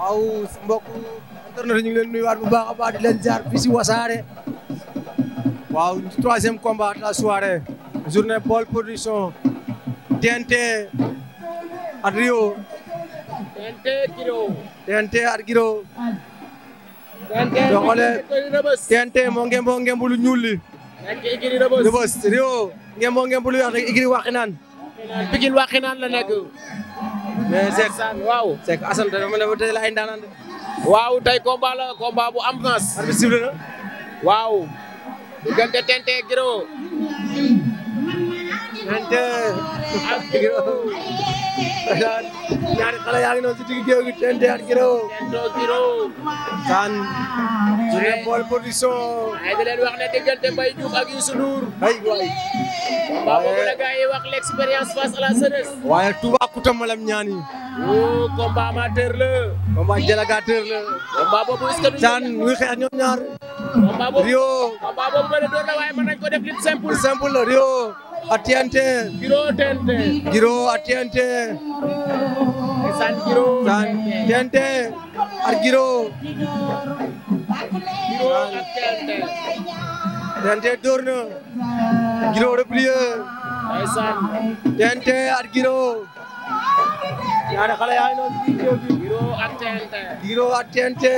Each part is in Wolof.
waaw mbokk internet ñu ngi leen bu baax a baax di leen jaar fii wasaare. waaw troisième combat de la soirée journée Baol Production Giro. TNT ak Giro. TNT soo xoolee TNT moo ngi moo ngi lu ñuul li. Rëbës Rio ngi Waxinaan. Pikine Waxinaan la nekk. mais Seck waaw Seck Assane dama ne ma tey la ay ndaanaan de. waaw tey combat la combat bu am sens. arbitre sifflé na waaw. diggante Tente Giro ante ak giro ñaari xale yaa ngi noonu si digg géew gi tente ak giro kan jure bool production ay da leen wax ne diggante Mbaye Diouf ak Youssou Ndour ay waay waaw boobu la gars yi wax l'expérience face à la jeunesse waaye Toubacouta malam ñaani o combat amateur la combat délégateur la combat boobu est-ce que tan muy xeex ñoom ñaar combat boobu Rio combat boobu mën a door la waaye mën nañ ko def lit simple simple la Rio attiyante giro tente giro attiyante san giro san tente ar giro giro attiyante tente dorna giro replié san tente ar giro ñaari xale yaa ngi noonu ci géew bi giro attiyante giro attiyante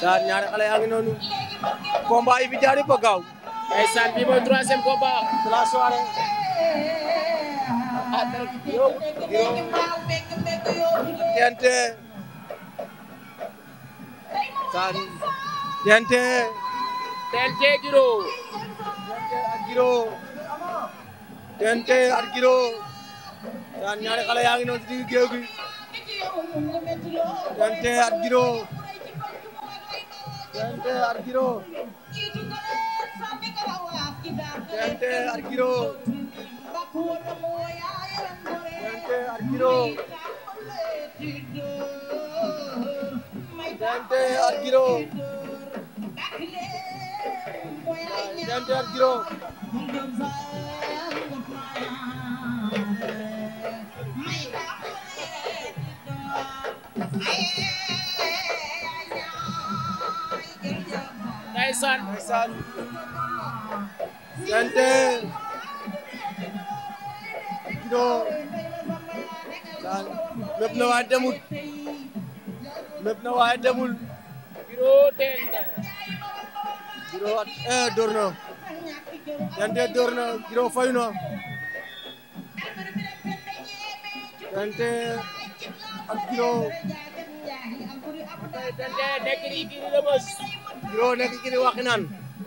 san ñaari xale yaa ngi noonu combat yi fi jaar yëpp a gaaw ndeysaan bi mooy troisième combat de saan TNT TNT Guiro ak Guiro TNT ak Guiro saan ñaari xale yaa ngi noonu ci digg géew gi TNT ak Guiro TNT ak Guiro Dente Argiro Dente Argiro Dente Argiro Dente Argiro Ndeysaan ndeysaan Kanté Guido mépp na waaye demul mépp na waaye demul Guido teel na Guido wat eh door na na Guido fayu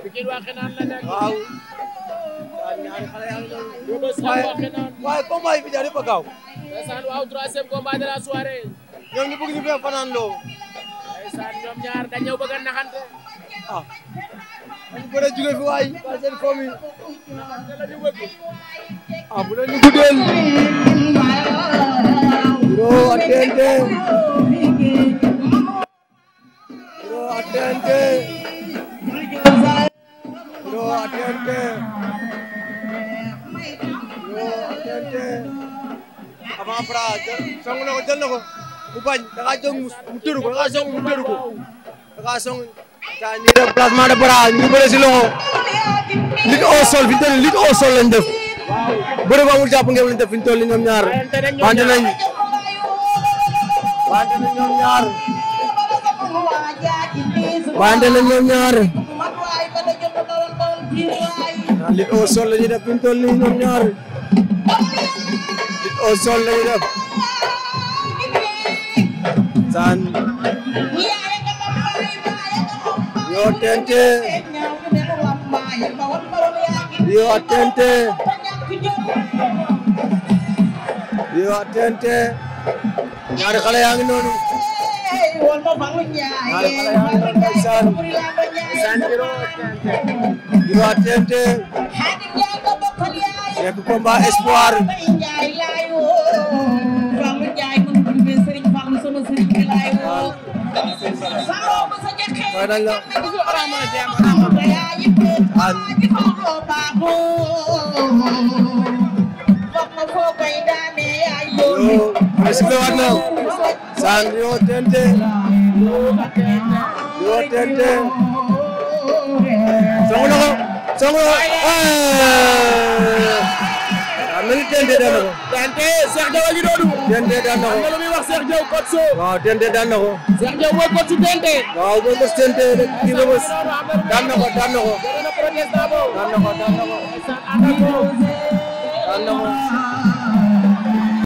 Pikine waa Xenaan la nekk waaw waaye combat yi fi jaar yëpp a gaaw ndeysaan waaw troisième combat de la soirée ñoom ñu bëgg ñu fee fanaan loo ndeysaan ñoom ñaar dañ ñëw bëgg a naxante ah dañ bëre jóge fi waay waa seen koom yi ah bu leen ñu guddeel Guiro ak Tente Guiro ak Tente antente yoo antente avant Fra song na ko jël na ko mu bañ da ngaa jóg mu tëru ko da ngaa song mu tëru ko da ngaa song taa nii def placement de bras ñu bëre si loxo lutte au sol fi ñu toll lutte au sol lañ def bëre ba amul jàpp ngeen lañ def fi ñu toll ñoom ñaar wante nañ wante nañ ñoom ñaar wante nañ ñoom ñaar lit au sol la ñuy def fi mu toll nii ñoom ñaar lit au sol la ñuy def saan yoo tente yoo tente yoo tente ñaari xale yaa ngi noonu woon ma Fallou Ndiaye Fallou Ndiaye Mouride Lamba Ndiaye. di waa TNT. nekk combat espoir. mooy dañ la. allo. allo. Saan di woo Tente di woo Tente songu na ko songu na ko am na ni Tente daan na ko. Tente Cheikh Diaw a ngi doonu. Tente daan na ko am na lu muy wax Cheikh Diaw kot so. waaw Tente daan na ko. Cheikh Diaw mooy kot su Tente. waaw mooy kot su Tente kii la bës daan na ko daan na ko. daan na ko daan na ko daan na ko.